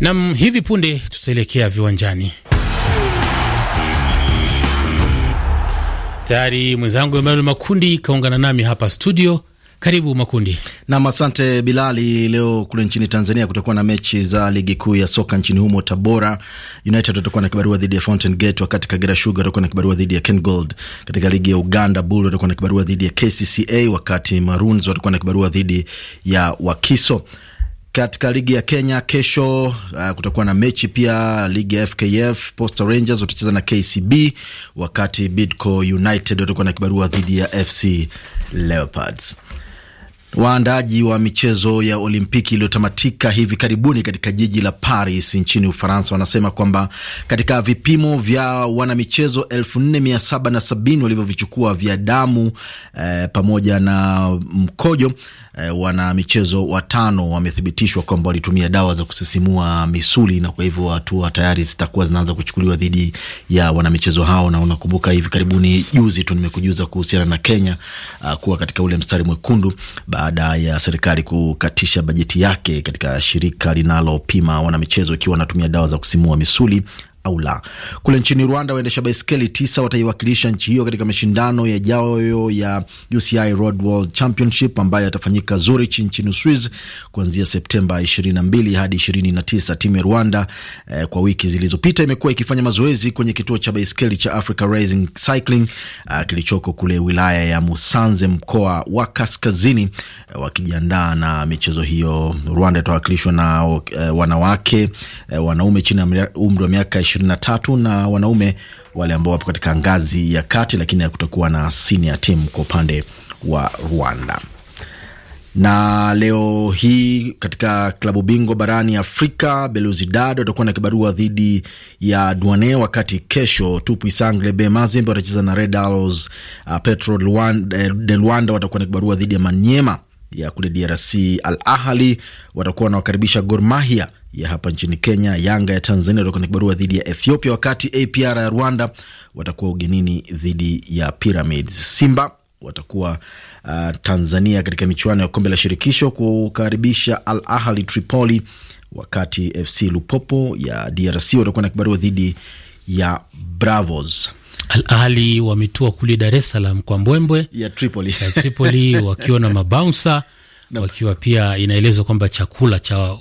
Nam, hivi punde tutaelekea viwanjani. Tayari mwenzangu Emanuel Makundi kaungana nami hapa studio. Karibu Makundi. Nam, asante Bilali. Leo kule nchini Tanzania kutakuwa na mechi za ligi kuu ya soka nchini humo. Tabora United watakuwa na kibarua dhidi ya Fountain Gate, wakati Kagera Sugar watakuwa na kibarua dhidi ya Kengold. Katika ligi ya Uganda, Bull watakuwa na kibarua dhidi ya KCCA, wakati Maroons watakuwa na kibarua dhidi ya Wakiso katika ligi ya Kenya kesho, uh, kutakuwa na mechi pia ligi ya FKF. Posta Rangers watacheza na KCB, wakati Bidco United watakuwa na kibarua dhidi ya FC Leopards. waandaji wa michezo ya Olimpiki iliyotamatika hivi karibuni katika jiji la Paris nchini Ufaransa wanasema kwamba katika vipimo vya wanamichezo 4770 walivyovichukua vya damu eh, pamoja na mkojo eh, wana michezo watano wamethibitishwa kwamba walitumia dawa za kusisimua misuli, na kwa hivyo hatua tayari zitakuwa zinaanza kuchukuliwa dhidi ya wanamichezo hao. Na unakumbuka hivi karibuni, juzi tu nimekujuza kuhusiana na Kenya uh, kuwa katika ule mstari mwekundu baada ya serikali kukatisha bajeti yake katika shirika linalopima wanamichezo ikiwa wanatumia dawa za kusimua misuli au la. Kule nchini Rwanda, waendesha baiskeli tisa wataiwakilisha nchi hiyo katika mashindano yajayo ya UCI Road World Championship ambayo yatafanyika Zurich nchini Uswiz kuanzia Septemba 22 hadi 29. Timu ya Rwanda eh, kwa wiki zilizopita imekuwa ikifanya mazoezi kwenye kituo cha baiskeli cha Africa Rising Cycling uh, kilichoko kule wilaya ya Musanze mkoa wa Kaskazini eh, wakijiandaa na michezo hiyo. Rwanda itawakilishwa na eh, wanawake eh, wanaume chini ya umri wa miaka 23 na wanaume wale ambao wapo katika ngazi ya kati, lakini hakutakuwa na senior team kwa upande wa Rwanda na leo hii katika klabu bingwa barani Afrika, Belouizdad watakuwa na kibarua dhidi ya Duane, wakati kesho Tupu Isangle Be Mazembe watacheza na Red Arrows. Uh, Petro eh, de Luanda watakuwa na kibarua dhidi ya Manyema ya kule DRC. Al Ahli watakuwa wanawakaribisha Gor Mahia ya hapa nchini Kenya, Yanga ya Tanzania watakuwa na kibarua dhidi ya Ethiopia, wakati APR ya Rwanda watakuwa ugenini dhidi ya Pyramids. Simba watakuwa uh, Tanzania katika michuano ya kombe la shirikisho kukaribisha Al Ahli Tripoli, wakati FC Lupopo ya DRC watakuwa na kibarua dhidi ya Bravos. Al Ahli wametua kule Dar es Salaam kwa mbwembwe ya Tripoli, ya Tripoli wakiwa na mabaunsa wakiwa pia, inaelezwa kwamba chakula cha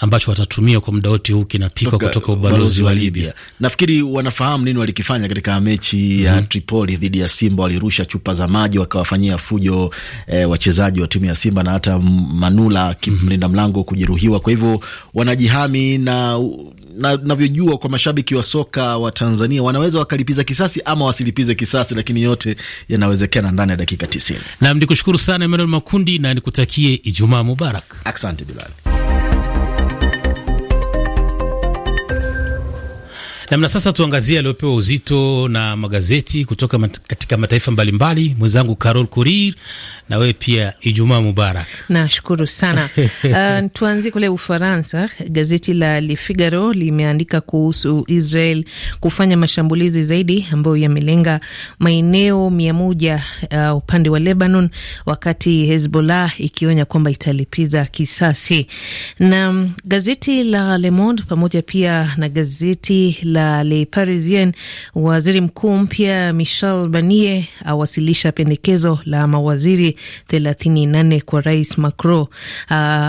ambacho watatumia kwa muda wote huu kinapikwa kutoka ubalozi wa Libya. Nafikiri wanafahamu nini walikifanya katika mechi ya mm -hmm. Tripoli dhidi ya Simba, walirusha chupa za maji wakawafanyia fujo eh, wachezaji wa timu ya Simba na hata Manula mhm. mlinda mm -hmm. mlango kujeruhiwa. Kwa hivyo wanajihami na navyojua na kwa mashabiki wa soka wa Tanzania wanaweza wakalipiza kisasi ama wasilipize kisasi, lakini yote yanawezekana ndani ya dakika tisini. Nam ni kushukuru sana Emmanuel Makundi na nikutakie Ijumaa mubarak. Asante Bilali. Namna sasa, tuangazie aliopewa uzito na magazeti kutoka mat katika mataifa mbalimbali. Mwenzangu Carol Kurir, na wewe pia Ijumaa Mubarak. Nashukuru sana. Uh, tuanzie kule Ufaransa. Gazeti la Le Figaro limeandika kuhusu Israel kufanya mashambulizi zaidi ambayo yamelenga maeneo mia moja uh, upande wa Lebanon, wakati Hezbollah ikionya kwamba italipiza kisasi. Na um, gazeti la Le Monde pamoja pia na gazeti la la Le Parisien, waziri mkuu mpya Michel Barnier awasilisha pendekezo la mawaziri 38 kwa Rais Macron. Uh,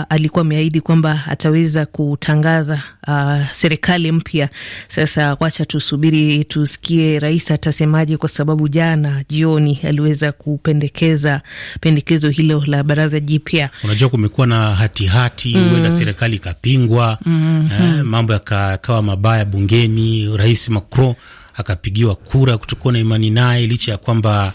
alikuwa ameahidi kwamba ataweza kutangaza uh, serikali mpya. Sasa wacha tusubiri tusikie rais atasemaje, kwa sababu jana jioni aliweza kupendekeza pendekezo hilo la baraza jipya. Unajua, kumekuwa na hatihati, huenda hati, mm. serikali ikapingwa, mm -hmm. eh, mambo yakakawa mabaya bungeni Rais Macron akapigiwa kura kutokuwa na imani naye, licha ya kwamba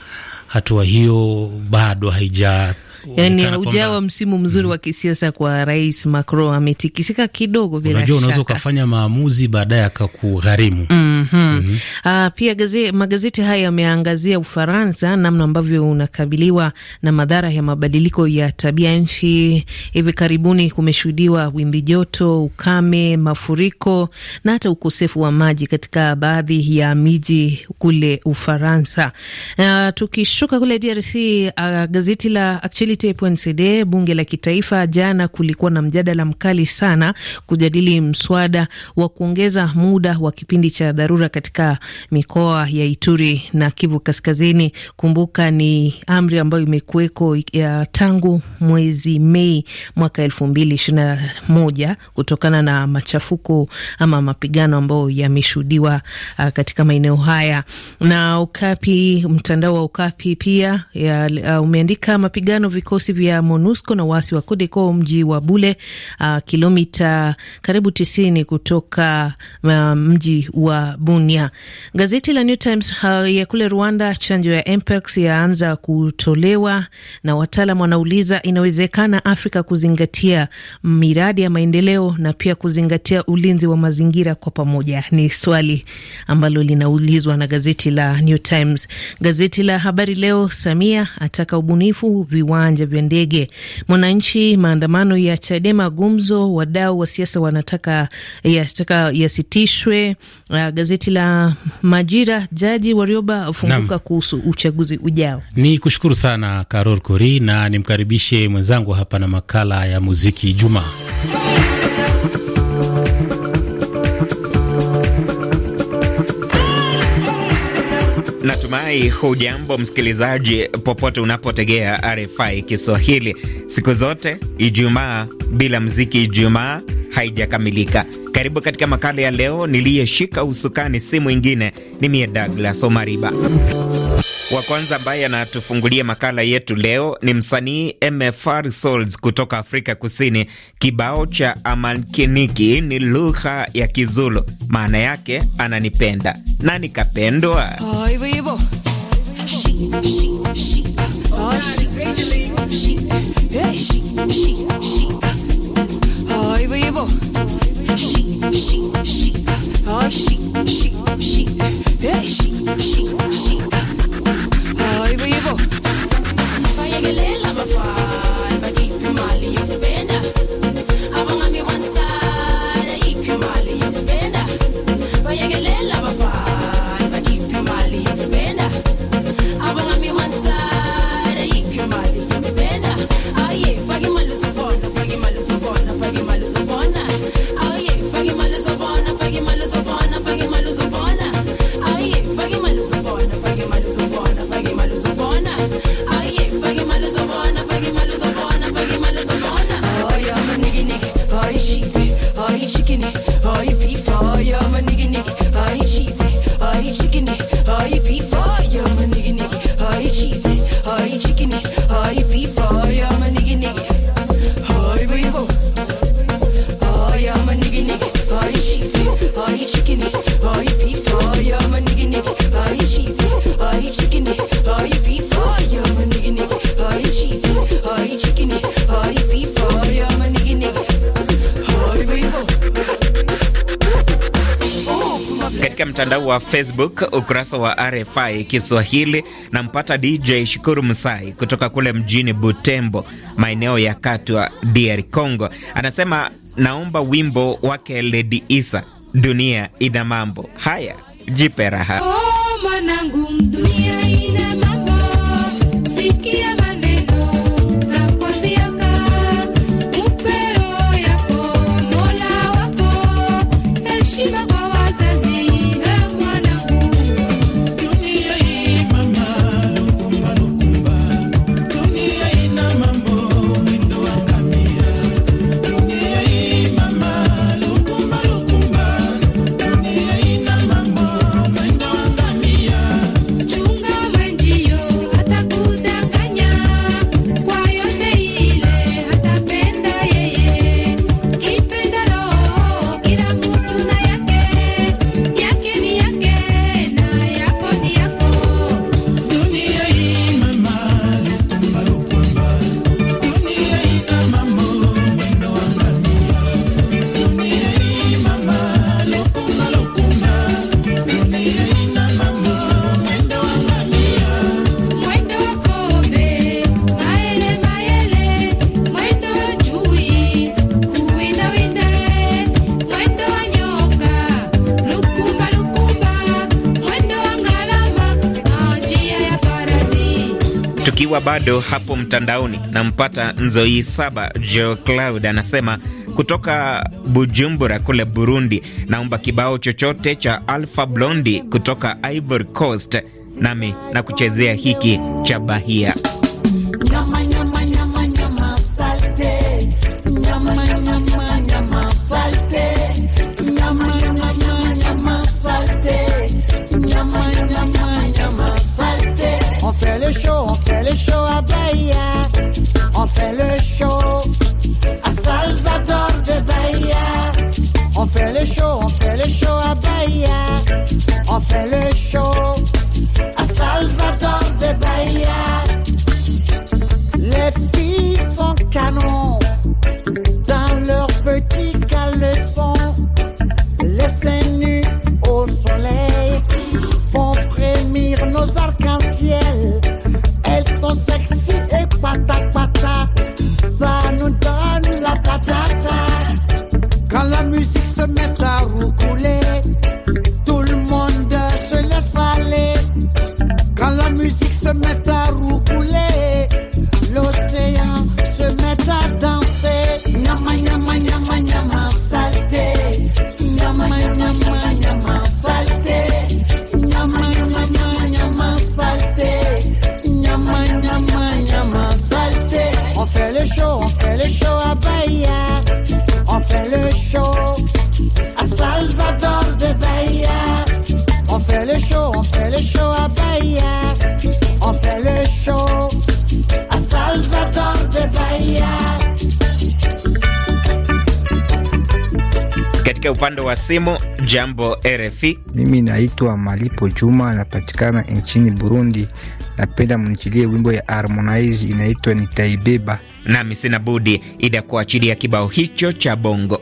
hatua hiyo bado haija yani ujao wa msimu mzuri mm, wa kisiasa kwa Rais Macron ametikisika kidogo, bila shaka. Unaweza ukafanya maamuzi baadaye akakugharimu. mm -hmm. mm -hmm. Pia gazeti, magazeti haya yameangazia Ufaransa, namna ambavyo unakabiliwa na madhara ya mabadiliko ya tabia nchi. Hivi karibuni kumeshuhudiwa wimbi joto, ukame, mafuriko na hata ukosefu wa maji katika baadhi ya miji kule Ufaransa. Uh, tukishuka kule DRC, uh, ah, gazeti la Utility.cd bunge la kitaifa, jana kulikuwa na mjadala mkali sana kujadili mswada wa kuongeza muda wa kipindi cha dharura katika mikoa ya Ituri na Kivu Kaskazini. Kumbuka ni amri ambayo imekuweko tangu mwezi Mei mwaka elfu mbili ishirini na moja kutokana na machafuko ama mapigano ambayo yameshuhudiwa uh, katika maeneo haya. Na Ukapi, mtandao wa Ukapi pia ya, uh, umeandika mapigano vikosi vya MONUSCO na waasi wa CODECO mji wa Bule, uh, kilomita karibu tisini kutoka uh, mji wa Bunia. Gazeti la New Times uh, ya kule Rwanda, chanjo ya Mpox yaanza kutolewa na wataalam wanauliza inawezekana Afrika kuzingatia miradi ya maendeleo na pia kuzingatia ulinzi wa mazingira kwa pamoja. Ni swali ambalo linaulizwa na gazeti la New Times. Gazeti la Habari Leo, Samia ataka ubunifu viwanda viwanja vya ndege. Mwananchi, maandamano ya Chadema gumzo, wadau wa siasa wanataka yataka yasitishwe. Uh, gazeti la Majira, Jaji Warioba afunguka kuhusu uchaguzi ujao. Ni kushukuru sana Karol Kori na nimkaribishe mwenzangu hapa na makala ya muziki Juma RFI. hujambo msikilizaji, popote unapotegea RFI Kiswahili. Siku zote Ijumaa bila mziki Ijumaa haijakamilika. Karibu katika makala ya leo. Niliyeshika usukani si mwingine, ni mie Douglas Omariba. Wa kwanza ambaye anatufungulia makala yetu leo ni msanii MFR Souls kutoka Afrika Kusini. Kibao cha amankiniki ni lugha ya Kizulu, maana yake ananipenda na nikapendwa. oh, mtandao wa Facebook, ukurasa wa RFI Kiswahili. Nampata DJ Shukuru Msai kutoka kule mjini Butembo, maeneo ya Katwa, DR Congo. Anasema naomba wimbo wake Lady Isa, dunia ina mambo haya, jipe raha. Oh, manangu, dunia ina mambo. Sikia Tukiwa bado hapo mtandaoni, nampata Nzoi Saba Jo Cloud anasema kutoka Bujumbura kule Burundi, naomba kibao chochote cha Alpha Blondi kutoka Ivory Coast, nami na kuchezea hiki cha Bahia. on fait le show à Bahia. On fait le show à Salvador de Bahia. On fait le show, on fait le show à Bahia. On fait le show à Salvador. katika upande wa simu. Jambo RFI, mimi naitwa Malipo Juma, napatikana nchini Burundi. Napenda mnichilie wimbo ya Harmonize inaitwa Nitaibeba. Nami sina budi ida kuachilia kibao hicho cha bongo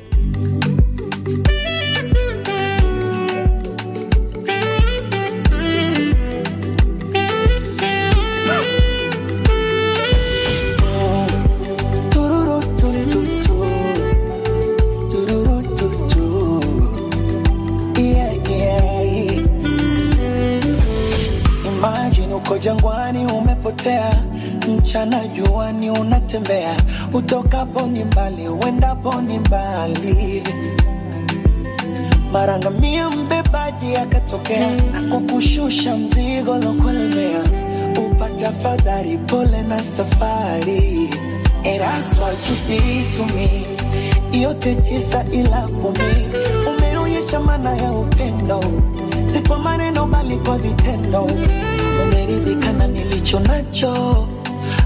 Utokapo ni mbali, uendapo ni mbali. maranga ngamia mbebaji akatokea na kukushusha mzigo lokuelemea, upata fadhari, pole na safari. Eraswa chupitumi yote tisa ila kumi, umeonyesha maana ya upendo, si kwa maneno bali kwa vitendo. Umeridhika na nilicho nacho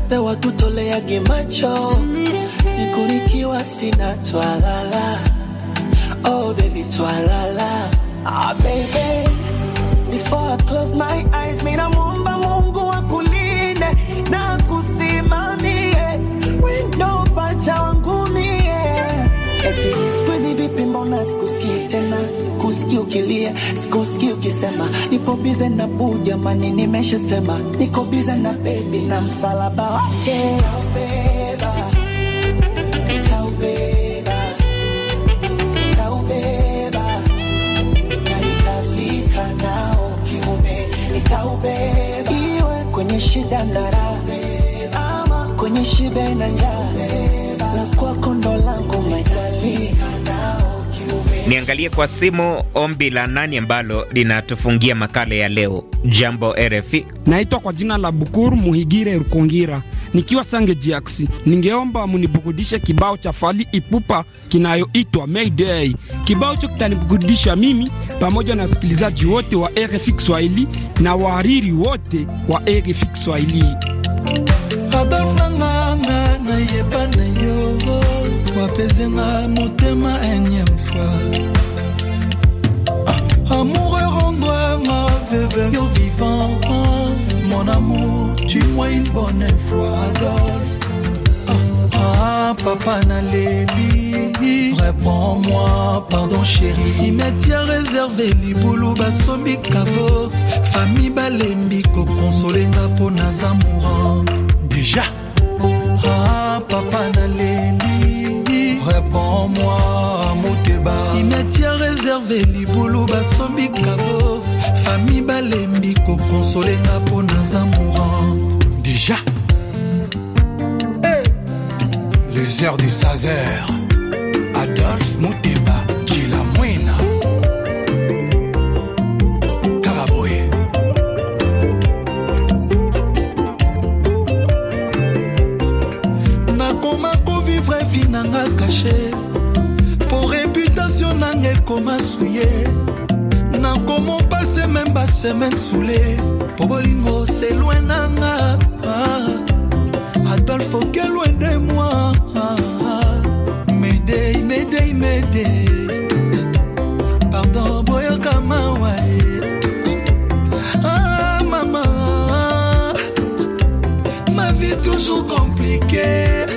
pewa kutoleage gemacho siku nikiwa sina twalala. Oh baby twalala. Ah baby, before I close my eyes, mina muomba Mungu wangu ukilia, sikusikii ukisema nipo bize na buu, jamani, nimeshasema niko bize na bebi na msalaba wake kwenye shida na raha ama kwenye shibe na njaa Niangalie kwa simu ombi la nani ambalo linatufungia makala ya leo. Jambo RFI, naitwa kwa jina la Bukuru Muhigire Rukongira nikiwa Sange Jiaksi. Ningeomba muniburudishe kibao cha fali Ipupa kinayoitwa Mayday. Kibao hicho kitaniburudisha mimi pamoja na wasikilizaji wote wa RFI Kiswahili na wahariri wote wa RFI Kiswahili. apaiser motema énième fois amour rendre ma ah, veuve yo vivant mon amour tu moi une bonne fois Adolphe ah, ah papa nalebi réponds-moi pardon chéri cimetière réservé libulu basombi kavo fami balembi kokonsole nga pour déjà ah, ah papa nalebi devant moi moteba simetiare réservé boulou, basombi kavo famille balembi consolé na naza mourante déjà les heures du saveur adolphe moteba semaine soulé po bolingo se loin nanga adolfo que loin de moi medei medei medei pardon boyo mawa ah maman ma vie toujours compliquée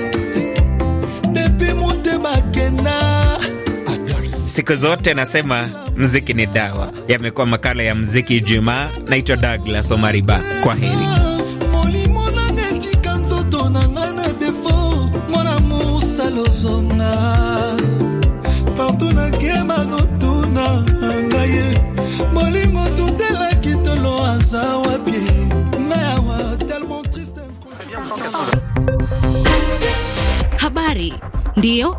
Siku zote nasema mziki ni dawa. Yamekuwa makala ya mziki Ijumaa. Naitwa Douglas Omariba, kwa heri.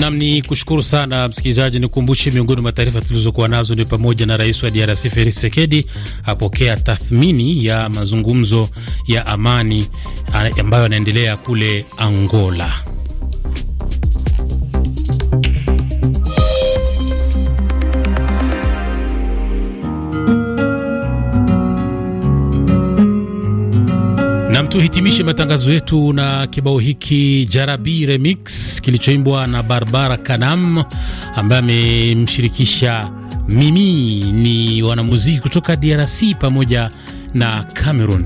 Nam ni kushukuru sana msikilizaji, nikumbushe miongoni mwa taarifa tulizokuwa nazo ni pamoja na rais wa DRC Felix Tshisekedi apokea tathmini ya mazungumzo ya amani ambayo yanaendelea kule Angola. Nam, tuhitimishe matangazo yetu na kibao hiki Jarabi Remix kilichoimbwa na Barbara Kanam ambaye amemshirikisha Mimi. Ni wanamuziki kutoka DRC pamoja na Cameroon.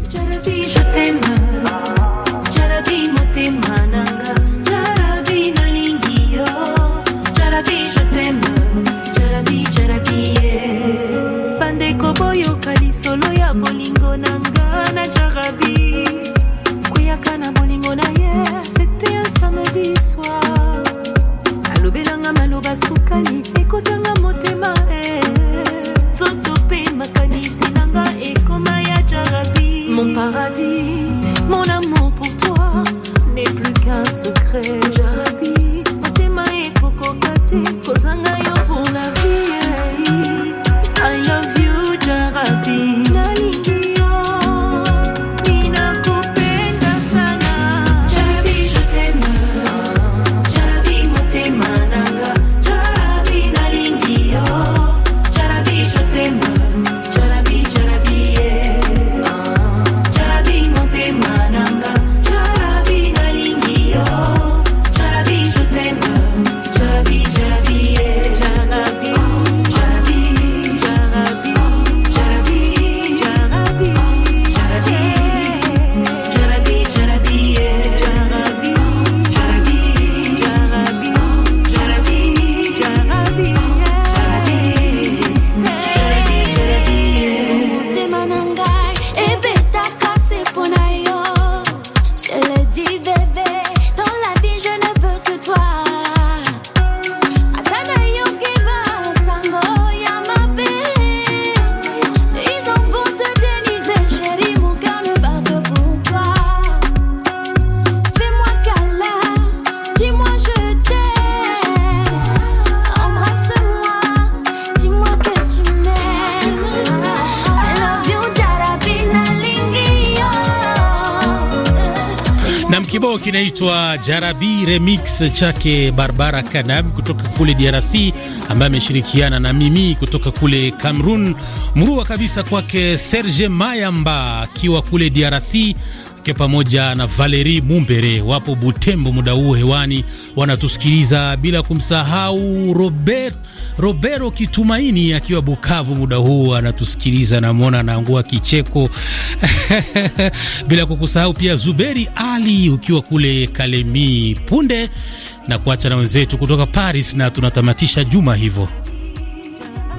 na mkibao kinaitwa Jarabi Remix chake Barbara Kanam kutoka kule DRC, ambaye ameshirikiana na Mimi kutoka kule Cameroon. Mrua kabisa kwake Serge Mayamba akiwa kule DRC Matoke pamoja na Valerie Mumbere wapo Butembo muda huu hewani wanatusikiliza, bila kumsahau Robert, Robero Kitumaini akiwa Bukavu muda huu anatusikiliza, namwona anaangua kicheko bila kukusahau pia Zuberi Ali ukiwa kule Kalemi punde na kuacha na wenzetu kutoka Paris, na tunatamatisha juma hivyo.